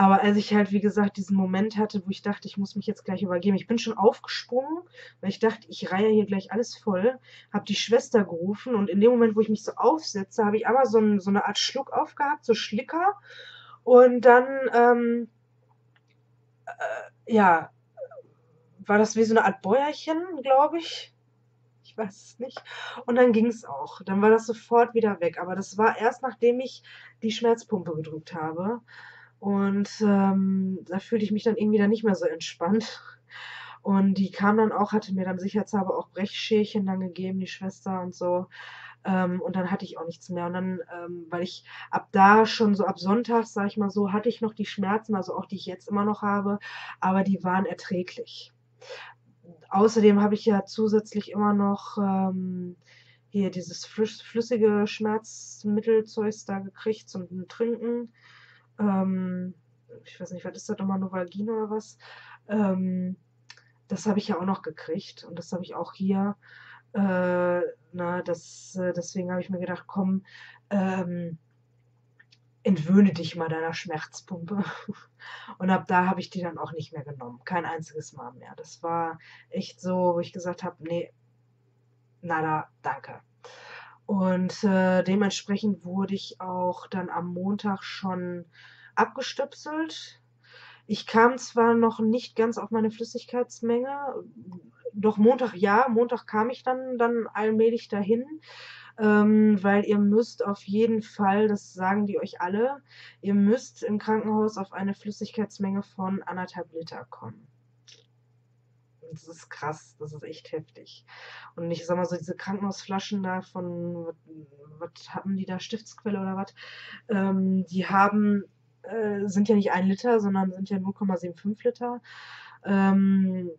aber als ich halt, wie gesagt, diesen Moment hatte, wo ich dachte, ich muss mich jetzt gleich übergeben, ich bin schon aufgesprungen, weil ich dachte, ich reihe hier gleich alles voll, habe die Schwester gerufen und in dem Moment, wo ich mich so aufsetze, habe ich aber so, ein, so, eine Art Schluck aufgehabt, so Schlicker. Und dann, ähm, äh, ja, war das wie so eine Art Bäuerchen, glaube ich. Ich weiß es nicht. Und dann ging es auch. Dann war das sofort wieder weg. Aber das war erst, nachdem ich die Schmerzpumpe gedrückt habe. Und ähm, da fühlte ich mich dann irgendwie dann nicht mehr so entspannt. Und die kam dann auch, hatte mir dann sicherheitshalber auch Brechschälchen dann gegeben, die Schwester und so. Ähm, und dann hatte ich auch nichts mehr. Und dann, ähm, weil ich ab da schon so ab Sonntag, sag ich mal so, hatte ich noch die Schmerzen, also auch die ich jetzt immer noch habe, aber die waren erträglich. Außerdem habe ich ja zusätzlich immer noch ähm, hier dieses flüssige Schmerzmittelzeug da gekriegt zum Trinken ähm, ich weiß nicht, was ist das nochmal, Novalgin oder was, ähm, das habe ich ja auch noch gekriegt und das habe ich auch hier. Äh, na, das, äh, deswegen habe ich mir gedacht, komm, ähm, entwöhne dich mal deiner Schmerzpumpe. Und ab da habe ich die dann auch nicht mehr genommen. Kein einziges Mal mehr. Das war echt so, wo ich gesagt habe, nee, nada, danke. Und äh, dementsprechend wurde ich auch dann am Montag schon abgestöpselt. Ich kam zwar noch nicht ganz auf meine Flüssigkeitsmenge, doch Montag ja, Montag kam ich dann, dann allmählich dahin, ähm, weil ihr müsst auf jeden Fall, das sagen die euch alle, ihr müsst im Krankenhaus auf eine Flüssigkeitsmenge von anderthalb Liter kommen das ist krass, das ist echt heftig. Und ich sag mal so, diese Krankenhausflaschen da von, was haben die da, Stiftsquelle oder was, ähm, die haben, äh, sind ja nicht ein Liter, sondern sind ja 0,75 Liter. Ähm,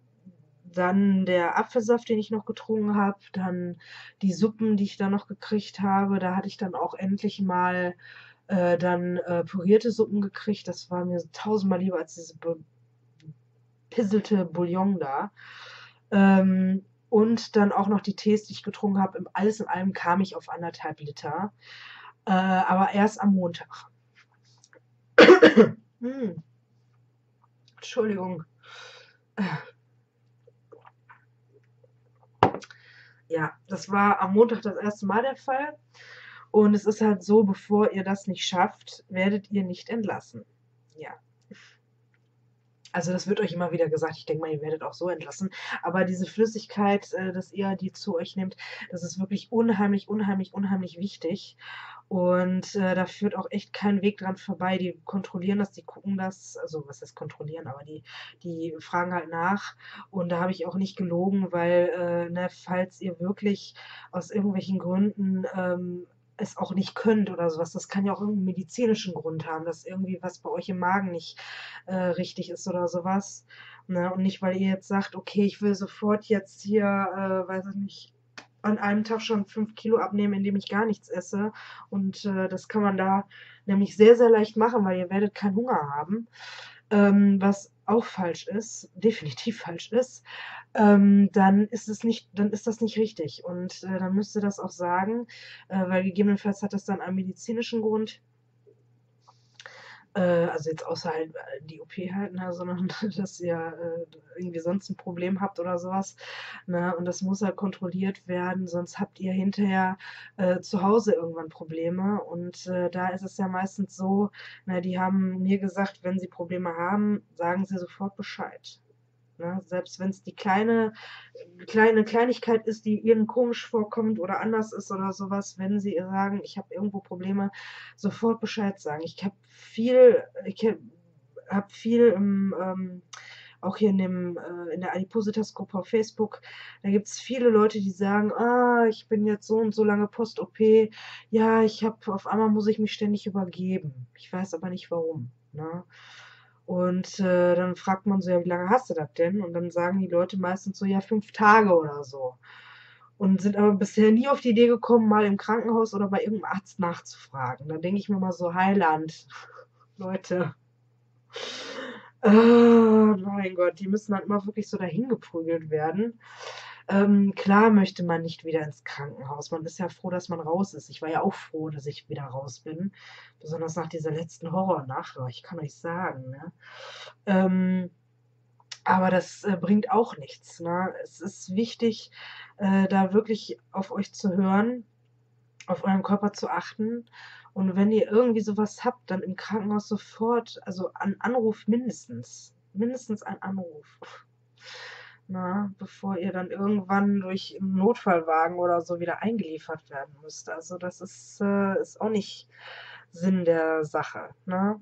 dann der Apfelsaft, den ich noch getrunken habe, dann die Suppen, die ich da noch gekriegt habe. Da hatte ich dann auch endlich mal äh, dann äh, pürierte Suppen gekriegt. Das war mir tausendmal lieber als diese pisselte Bouillon da. Ähm, und dann auch noch die Tees, die ich getrunken habe. Alles in allem kam ich auf anderthalb Liter. Äh, aber erst am Montag. hm. Entschuldigung. Ja, das war am Montag das erste Mal der Fall. Und es ist halt so, bevor ihr das nicht schafft, werdet ihr nicht entlassen. Ja, also das wird euch immer wieder gesagt. Ich denke mal, ihr werdet auch so entlassen. Aber diese Flüssigkeit, äh, dass ihr die zu euch nehmt, das ist wirklich unheimlich, unheimlich, unheimlich wichtig. Und äh, da führt auch echt kein Weg dran vorbei. Die kontrollieren das, die gucken das, also was heißt kontrollieren, aber die, die fragen halt nach. Und da habe ich auch nicht gelogen, weil, äh, ne, falls ihr wirklich aus irgendwelchen Gründen ähm, es auch nicht könnt oder sowas. Das kann ja auch irgendeinen medizinischen Grund haben, dass irgendwie was bei euch im Magen nicht äh, richtig ist oder sowas. Ne? Und nicht, weil ihr jetzt sagt, okay, ich will sofort jetzt hier, äh, weiß ich nicht, an einem Tag schon fünf Kilo abnehmen, indem ich gar nichts esse. Und äh, das kann man da nämlich sehr, sehr leicht machen, weil ihr werdet keinen Hunger haben. Ähm, was auch falsch ist, definitiv falsch ist, ähm, dann ist es nicht, dann ist das nicht richtig. Und äh, dann müsste das auch sagen, äh, weil gegebenenfalls hat das dann einen medizinischen Grund äh, also jetzt außer halt äh, die OP halt, ne, sondern dass ihr äh, irgendwie sonst ein Problem habt oder sowas. Ne, und das muss halt kontrolliert werden, sonst habt ihr hinterher äh, zu Hause irgendwann Probleme. Und äh, da ist es ja meistens so, ne, die haben mir gesagt, wenn sie Probleme haben, sagen sie sofort Bescheid. Ne? Selbst wenn es die kleine, kleine Kleinigkeit ist, die ihnen komisch vorkommt oder anders ist oder sowas, wenn sie sagen, ich habe irgendwo Probleme, sofort Bescheid sagen. Ich habe viel, ich habe viel im, ähm, auch hier in, dem, äh, in der Adipositas-Gruppe auf Facebook, da gibt es viele Leute, die sagen, ah, ich bin jetzt so und so lange Post-OP, ja, ich habe, auf einmal muss ich mich ständig übergeben. Ich weiß aber nicht warum. Ne? Und äh, dann fragt man so, ja, wie lange hast du das denn? Und dann sagen die Leute meistens so, ja, fünf Tage oder so. Und sind aber bisher nie auf die Idee gekommen, mal im Krankenhaus oder bei irgendeinem Arzt nachzufragen. Da denke ich mir mal so, Heiland, Leute. Oh, mein Gott, die müssen halt immer wirklich so dahin geprügelt werden. Ähm, klar möchte man nicht wieder ins Krankenhaus. Man ist ja froh, dass man raus ist. Ich war ja auch froh, dass ich wieder raus bin. Besonders nach dieser letzten Horrornacht. Ich kann euch sagen. Ne? Ähm, aber das äh, bringt auch nichts. Ne? Es ist wichtig, äh, da wirklich auf euch zu hören, auf euren Körper zu achten. Und wenn ihr irgendwie sowas habt, dann im Krankenhaus sofort, also an Anruf mindestens. Mindestens ein Anruf. Na, ne, bevor ihr dann irgendwann durch einen Notfallwagen oder so wieder eingeliefert werden müsst. Also das ist, äh, ist auch nicht Sinn der Sache. Na?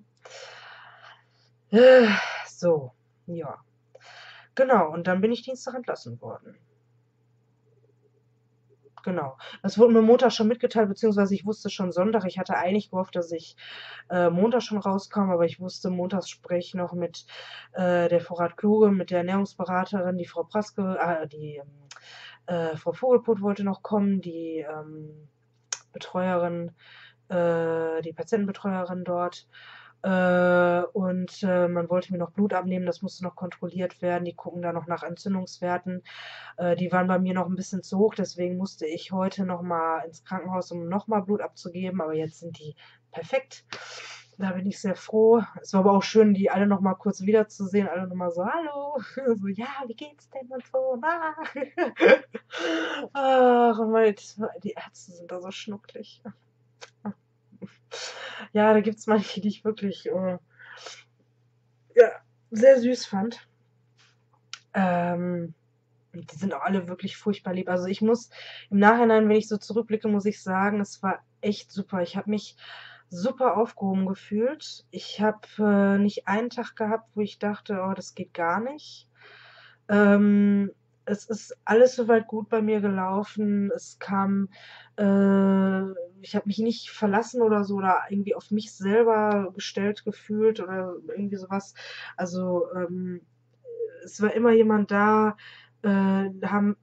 Ne? Äh, so, ja. Genau, und dann bin ich Dienstag entlassen worden genau. Das wurde mir Montag schon mitgeteilt, beziehungsweise ich wusste schon Sonntag. Ich hatte eigentlich gehofft, dass ich äh, Montag schon rauskomme, aber ich wusste, montags spreche noch mit äh, der Vorrat Kluge, mit der Ernährungsberaterin, die Frau Praske, äh, die äh, Frau Vogelput wollte noch kommen, die ähm, Betreuerin, äh, die Patientenbetreuerin dort. Äh, und äh, man wollte mir noch Blut abnehmen, das musste noch kontrolliert werden. Die gucken da noch nach Entzündungswerten. Äh, die waren bei mir noch ein bisschen zu hoch, deswegen musste ich heute nochmal ins Krankenhaus, um nochmal Blut abzugeben. Aber jetzt sind die perfekt. Da bin ich sehr froh. Es war aber auch schön, die alle nochmal kurz wiederzusehen. Alle nochmal so, hallo. So, ja, wie geht's denn? Und so, na. Ach, meine, die Ärzte sind da so schnucklig ja, da gibt es manche, die ich wirklich äh, ja, sehr süß fand. Ähm, die sind auch alle wirklich furchtbar lieb. Also ich muss im Nachhinein, wenn ich so zurückblicke, muss ich sagen, es war echt super. Ich habe mich super aufgehoben gefühlt. Ich habe äh, nicht einen Tag gehabt, wo ich dachte, oh, das geht gar nicht. Ähm, es ist alles soweit gut bei mir gelaufen. Es kam, äh, ich habe mich nicht verlassen oder so oder irgendwie auf mich selber gestellt gefühlt oder irgendwie sowas. Also ähm, es war immer jemand da, äh, haben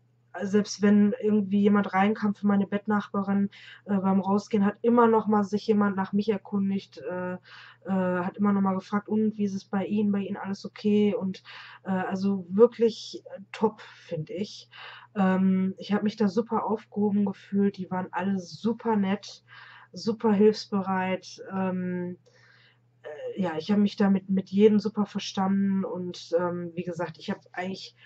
selbst wenn irgendwie jemand reinkam für meine Bettnachbarin äh, beim Rausgehen, hat immer noch mal sich jemand nach mich erkundigt, äh, äh, hat immer noch mal gefragt, und wie ist es bei Ihnen, bei Ihnen alles okay? Und äh, also wirklich äh, top, finde ich. Ähm, ich habe mich da super aufgehoben gefühlt, die waren alle super nett, super hilfsbereit. Ähm, äh, ja, ich habe mich damit mit jedem super verstanden und ähm, wie gesagt, ich habe eigentlich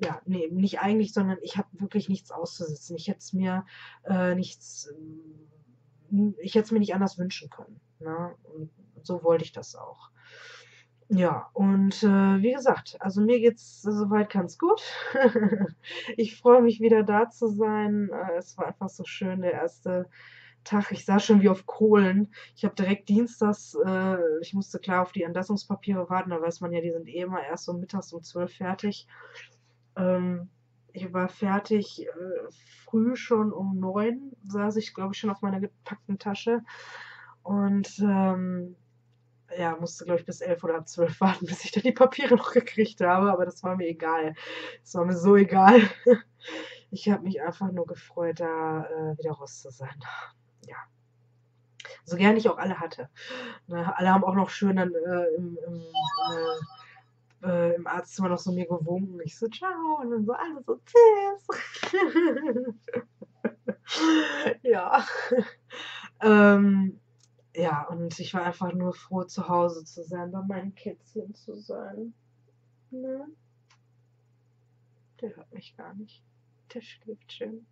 ja, nee, nicht eigentlich, sondern ich habe wirklich nichts auszusitzen. Ich hätte es mir äh, nichts, ähm, ich hätte es mir nicht anders wünschen können. Ne? Und so wollte ich das auch. Ja, und äh, wie gesagt, also mir geht's soweit ganz gut. ich freue mich wieder da zu sein. Äh, es war einfach so schön, der erste Tag. Ich sah schon wie auf Kohlen. Ich habe direkt dienstags, äh, ich musste klar auf die Entlassungspapiere warten, da weiß man ja, die sind eh immer erst so mittags um zwölf fertig. Ähm, ich war fertig äh, früh schon um neun, saß ich, glaube ich, schon auf meiner gepackten Tasche. Und ähm, ja, musste, glaube ich, bis elf oder zwölf warten, bis ich dann die Papiere noch gekriegt habe. Aber das war mir egal. Das war mir so egal. Ich habe mich einfach nur gefreut, da äh, wieder raus zu sein. Ja. So gern ich auch alle hatte. Na, ne, alle haben auch noch schön dann äh, im, im äh, äh, im Arztzimmer noch so mir gewunken. Ich so, ciao. Und dann so, alles so, tschüss. ja. ähm, ja, und ich war einfach nur froh, zu Hause zu sein, bei meinen Kätzchen zu sein. Ne? Der hört mich gar nicht. Der schläft schön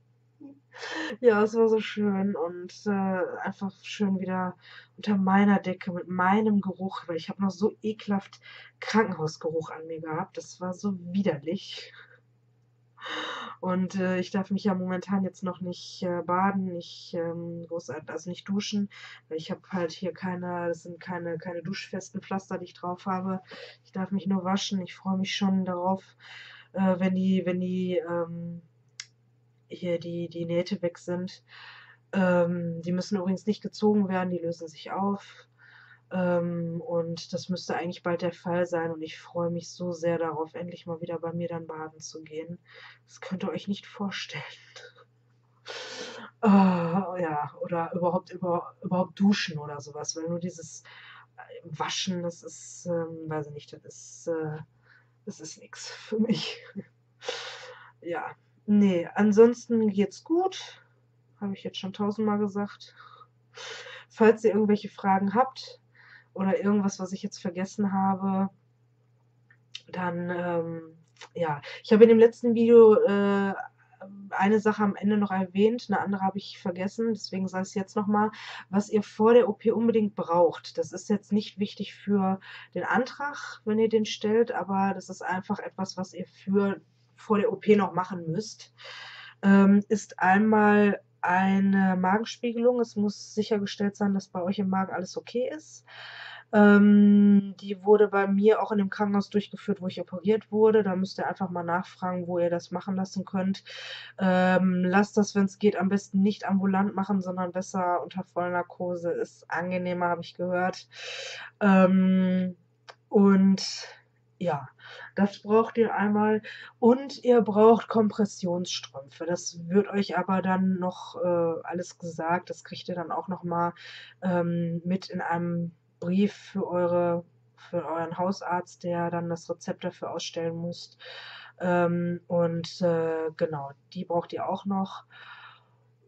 ja, es war so schön und äh, einfach schön wieder unter meiner Decke mit meinem Geruch, weil ich habe noch so ekelhaft Krankenhausgeruch an mir gehabt. Das war so widerlich. Und äh, ich darf mich ja momentan jetzt noch nicht äh, baden, nicht ähm, großartig, also nicht duschen, weil ich habe halt hier keine, das sind keine, keine duschfesten Pflaster, die ich drauf habe. Ich darf mich nur waschen. Ich freue mich schon darauf, äh, wenn die, wenn die, ähm, hier die, die Nähte weg sind. Ähm, die müssen übrigens nicht gezogen werden, die lösen sich auf. Ähm, und das müsste eigentlich bald der Fall sein. Und ich freue mich so sehr darauf, endlich mal wieder bei mir dann baden zu gehen. Das könnt ihr euch nicht vorstellen. oh, ja, oder überhaupt, über, überhaupt duschen oder sowas. Weil nur dieses äh, Waschen, das ist, ähm, weiß ich nicht, das ist, äh, das ist nichts für mich. ja. Nee, ansonsten geht's gut. Habe ich jetzt schon tausendmal gesagt. Falls ihr irgendwelche Fragen habt oder irgendwas, was ich jetzt vergessen habe, dann, ähm, ja. Ich habe in dem letzten Video äh, eine Sache am Ende noch erwähnt, eine andere habe ich vergessen, deswegen sage ich es jetzt nochmal, was ihr vor der OP unbedingt braucht. Das ist jetzt nicht wichtig für den Antrag, wenn ihr den stellt, aber das ist einfach etwas, was ihr für vor der OP noch machen müsst, ähm, ist einmal eine Magenspiegelung. Es muss sichergestellt sein, dass bei euch im Magen alles okay ist. Ähm, die wurde bei mir auch in dem Krankenhaus durchgeführt, wo ich operiert wurde. Da müsst ihr einfach mal nachfragen, wo ihr das machen lassen könnt. Ähm, lasst das, wenn es geht, am besten nicht ambulant machen, sondern besser unter Vollnarkose. Ist angenehmer, habe ich gehört. Ähm, und ja, das braucht ihr einmal und ihr braucht Kompressionsstrümpfe. Das wird euch aber dann noch äh, alles gesagt. Das kriegt ihr dann auch nochmal ähm, mit in einem Brief für, eure, für euren Hausarzt, der dann das Rezept dafür ausstellen muss. Ähm, und äh, genau, die braucht ihr auch noch.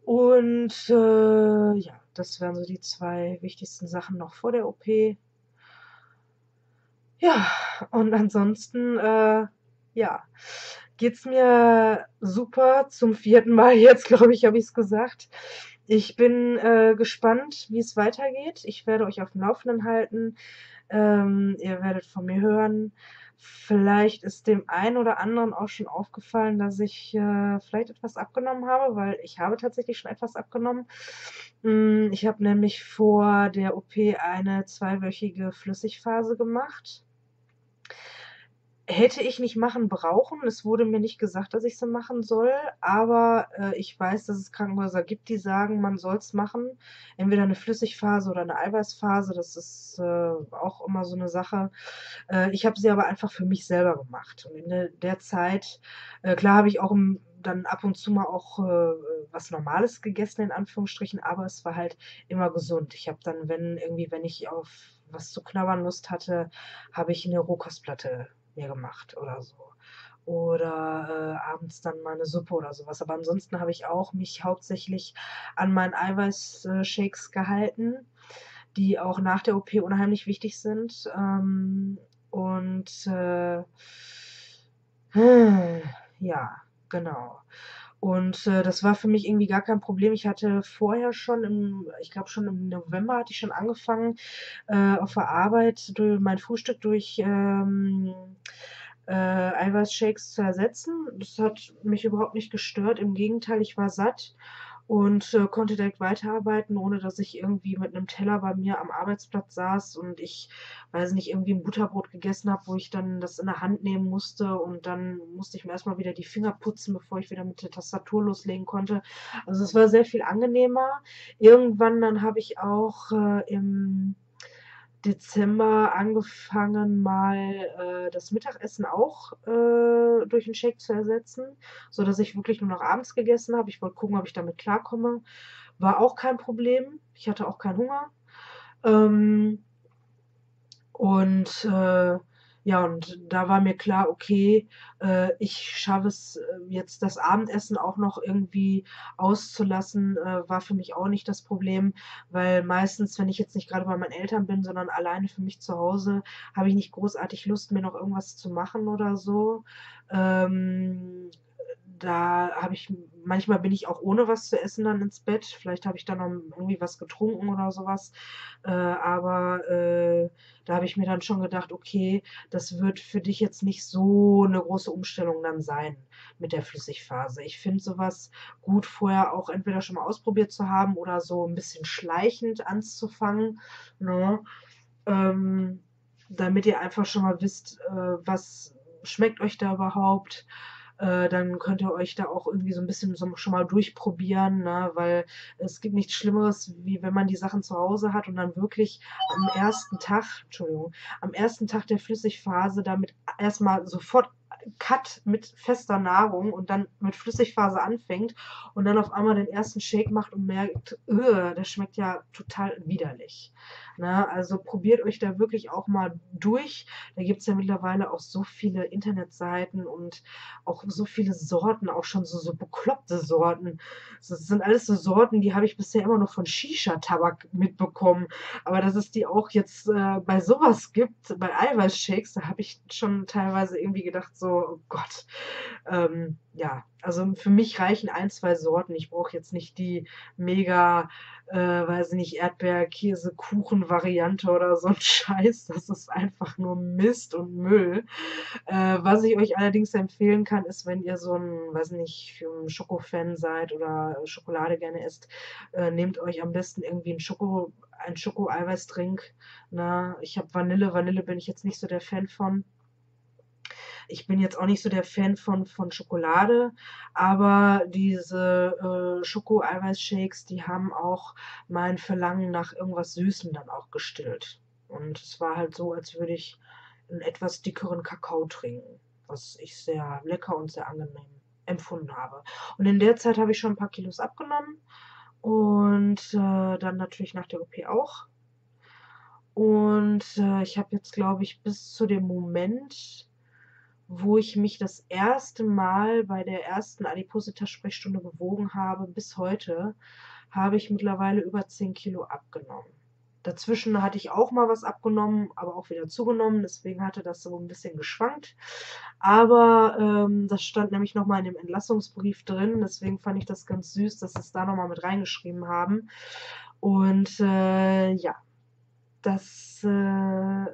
Und äh, ja, das wären so die zwei wichtigsten Sachen noch vor der OP. Ja, und ansonsten, äh, ja, geht's mir super. Zum vierten Mal jetzt, glaube ich, habe ich's gesagt. Ich bin äh, gespannt, wie es weitergeht. Ich werde euch auf dem Laufenden halten. Ähm, ihr werdet von mir hören. Vielleicht ist dem einen oder anderen auch schon aufgefallen, dass ich äh, vielleicht etwas abgenommen habe, weil ich habe tatsächlich schon etwas abgenommen. Mm, ich habe nämlich vor der OP eine zweiwöchige Flüssigphase gemacht hätte ich nicht machen brauchen. Es wurde mir nicht gesagt, dass ich sie machen soll, aber äh, ich weiß, dass es Krankenhäuser gibt, die sagen, man soll es machen. Entweder eine Flüssigphase oder eine Eiweißphase, das ist äh, auch immer so eine Sache. Äh, ich habe sie aber einfach für mich selber gemacht. Und in der, der Zeit, äh, klar habe ich auch im, dann ab und zu mal auch äh, was Normales gegessen, in Anführungsstrichen, aber es war halt immer gesund. Ich habe dann, wenn irgendwie, wenn ich auf was zu knabbern Lust hatte, habe ich eine Rohkostplatte mir gemacht oder so. Oder äh, abends dann mal eine Suppe oder sowas. Aber ansonsten habe ich auch mich hauptsächlich an meinen Eiweißshakes gehalten, die auch nach der OP unheimlich wichtig sind. Ähm, und äh, hm, ja, genau. Und äh, das war für mich irgendwie gar kein Problem. Ich hatte vorher schon im, ich glaube schon im November hatte ich schon angefangen, äh, auf der Arbeit durch mein Frühstück durch ähm, äh, Eiweißshakes zu ersetzen. Das hat mich überhaupt nicht gestört. Im Gegenteil, ich war satt und äh, konnte direkt weiterarbeiten, ohne dass ich irgendwie mit einem Teller bei mir am Arbeitsplatz saß und ich, weiß nicht, irgendwie ein Butterbrot gegessen habe, wo ich dann das in der Hand nehmen musste und dann musste ich mir erstmal wieder die Finger putzen, bevor ich wieder mit der Tastatur loslegen konnte. Also es war sehr viel angenehmer. Irgendwann dann habe ich auch äh, im Dezember angefangen, mal äh, das Mittagessen auch äh, durch einen Shake zu ersetzen, sodass ich wirklich nur noch abends gegessen habe. Ich wollte gucken, ob ich damit klarkomme. War auch kein Problem. Ich hatte auch keinen Hunger. Ähm, und äh, ja, und da war mir klar, okay, äh, ich schaffe es äh, jetzt das Abendessen auch noch irgendwie auszulassen, äh, war für mich auch nicht das Problem, weil meistens, wenn ich jetzt nicht gerade bei meinen Eltern bin, sondern alleine für mich zu Hause, habe ich nicht großartig Lust, mir noch irgendwas zu machen oder so. Ähm, da habe ich, manchmal bin ich auch ohne was zu essen dann ins Bett. Vielleicht habe ich dann noch irgendwie was getrunken oder sowas. Äh, aber äh, da habe ich mir dann schon gedacht, okay, das wird für dich jetzt nicht so eine große Umstellung dann sein mit der Flüssigphase. Ich finde sowas gut vorher auch entweder schon mal ausprobiert zu haben oder so ein bisschen schleichend anzufangen. Ne? Ähm, damit ihr einfach schon mal wisst, äh, was schmeckt euch da überhaupt äh, dann könnt ihr euch da auch irgendwie so ein bisschen so, schon mal durchprobieren, ne? weil es gibt nichts Schlimmeres, wie wenn man die Sachen zu Hause hat und dann wirklich am ersten Tag, Entschuldigung, am ersten Tag der Flüssigphase damit erstmal sofort Cut mit fester Nahrung und dann mit Flüssigphase anfängt und dann auf einmal den ersten Shake macht und merkt, öh, das schmeckt ja total widerlich. Na, ne? also probiert euch da wirklich auch mal durch. Da gibt es ja mittlerweile auch so viele Internetseiten und auch so viele Sorten, auch schon so, so bekloppte Sorten. Das sind alles so Sorten, die habe ich bisher immer noch von Shisha-Tabak mitbekommen. Aber dass es die auch jetzt äh, bei sowas gibt, bei Eiweißshakes, da habe ich schon teilweise irgendwie gedacht, so, so, oh Gott. Ähm, ja, also für mich reichen ein, zwei Sorten. Ich brauche jetzt nicht die mega, äh, weiß ich nicht, Erdbeer-Käse-Kuchen-Variante oder so ein Scheiß. Das ist einfach nur Mist und Müll. Äh, was ich euch allerdings empfehlen kann, ist, wenn ihr so ein, weiß nicht, Schoko-Fan seid oder Schokolade gerne isst, äh, nehmt euch am besten irgendwie ein Schoko, ein Schoko-Eiweißdrink. Na, ne? ich habe Vanille. Vanille bin ich jetzt nicht so der Fan von ich bin jetzt auch nicht so der Fan von, von Schokolade, aber diese äh, Schoko-Eiweiß-Shakes, die haben auch mein Verlangen nach irgendwas Süßem dann auch gestillt. Und es war halt so, als würde ich einen etwas dickeren Kakao trinken, was ich sehr lecker und sehr angenehm empfunden habe. Und in der Zeit habe ich schon ein paar Kilos abgenommen und äh, dann natürlich nach der OP auch. Und äh, ich habe jetzt, glaube ich, bis zu dem Moment, wo ich mich das erste Mal bei der ersten Adipositas-Sprechstunde gewogen habe, bis heute, habe ich mittlerweile über 10 Kilo abgenommen. Dazwischen hatte ich auch mal was abgenommen, aber auch wieder zugenommen. Deswegen hatte das so ein bisschen geschwankt. Aber ähm, das stand nämlich nochmal in dem Entlassungsbrief drin. Deswegen fand ich das ganz süß, dass sie es da nochmal mit reingeschrieben haben. Und äh, ja, das äh,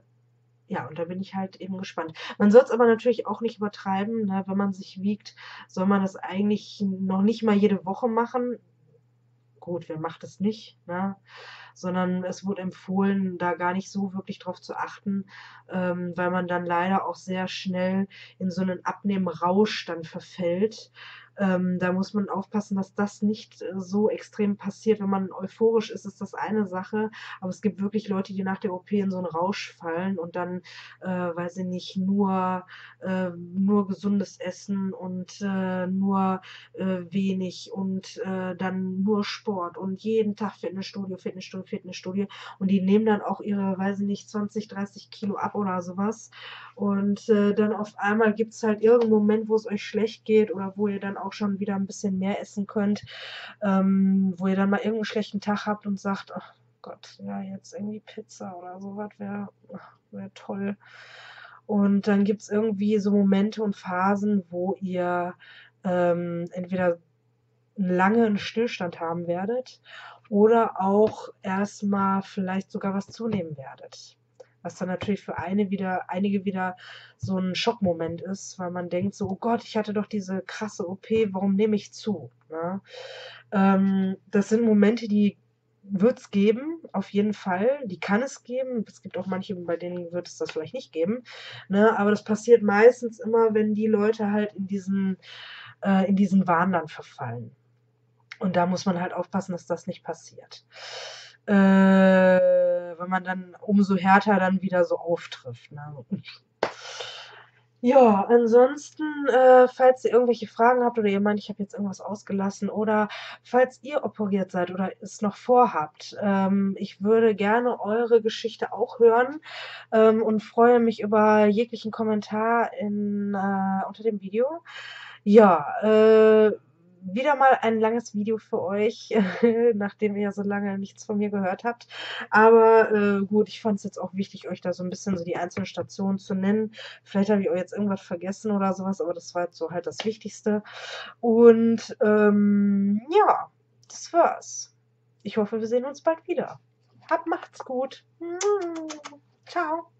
ja, und da bin ich halt eben gespannt. Man soll es aber natürlich auch nicht übertreiben. Ne? Wenn man sich wiegt, soll man das eigentlich noch nicht mal jede Woche machen. Gut, wer macht es nicht? Ne? Sondern es wurde empfohlen, da gar nicht so wirklich drauf zu achten, ähm, weil man dann leider auch sehr schnell in so einen Abnehmrausch dann verfällt. Ähm, da muss man aufpassen, dass das nicht äh, so extrem passiert. Wenn man euphorisch ist, ist das eine Sache, aber es gibt wirklich Leute, die nach der OP in so einen Rausch fallen und dann, äh, weil sie nicht nur, äh, nur gesundes Essen und äh, nur äh, wenig und äh, dann nur Sport und jeden Tag Fitnessstudio, Fitnessstudio, Fitnessstudio und die nehmen dann auch ihre, weiß ich nicht, 20, 30 Kilo ab oder sowas und äh, dann auf einmal gibt es halt irgendeinen Moment, wo es euch schlecht geht oder wo ihr dann auch schon wieder ein bisschen mehr essen könnt, ähm, wo ihr dann mal irgendeinen schlechten Tag habt und sagt, ach Gott, ja, jetzt irgendwie Pizza oder sowas wäre wär toll. Und dann gibt es irgendwie so Momente und Phasen, wo ihr ähm, entweder einen langen Stillstand haben werdet oder auch erstmal vielleicht sogar was zunehmen werdet. Was dann natürlich für eine wieder, einige wieder so ein Schockmoment ist, weil man denkt so, oh Gott, ich hatte doch diese krasse OP, warum nehme ich zu? Ne? Ähm, das sind Momente, die wird es geben, auf jeden Fall. Die kann es geben. Es gibt auch manche, bei denen wird es das vielleicht nicht geben. Ne? Aber das passiert meistens immer, wenn die Leute halt in diesen, äh, in diesen Wahn dann verfallen. Und da muss man halt aufpassen, dass das nicht passiert äh, wenn man dann umso härter dann wieder so auftrifft. Ne? Ja, ansonsten, äh, falls ihr irgendwelche Fragen habt oder ihr meint, ich habe jetzt irgendwas ausgelassen oder falls ihr operiert seid oder es noch vorhabt, ähm, ich würde gerne eure Geschichte auch hören ähm, und freue mich über jeglichen Kommentar in, äh, unter dem Video. Ja, äh, wieder mal ein langes Video für euch, nachdem ihr so lange nichts von mir gehört habt. Aber äh, gut, ich fand es jetzt auch wichtig, euch da so ein bisschen so die einzelnen Stationen zu nennen. Vielleicht habe ich euch jetzt irgendwas vergessen oder sowas, aber das war jetzt so halt das Wichtigste. Und ähm, ja, das war's. Ich hoffe, wir sehen uns bald wieder. Habt macht's gut. Ciao.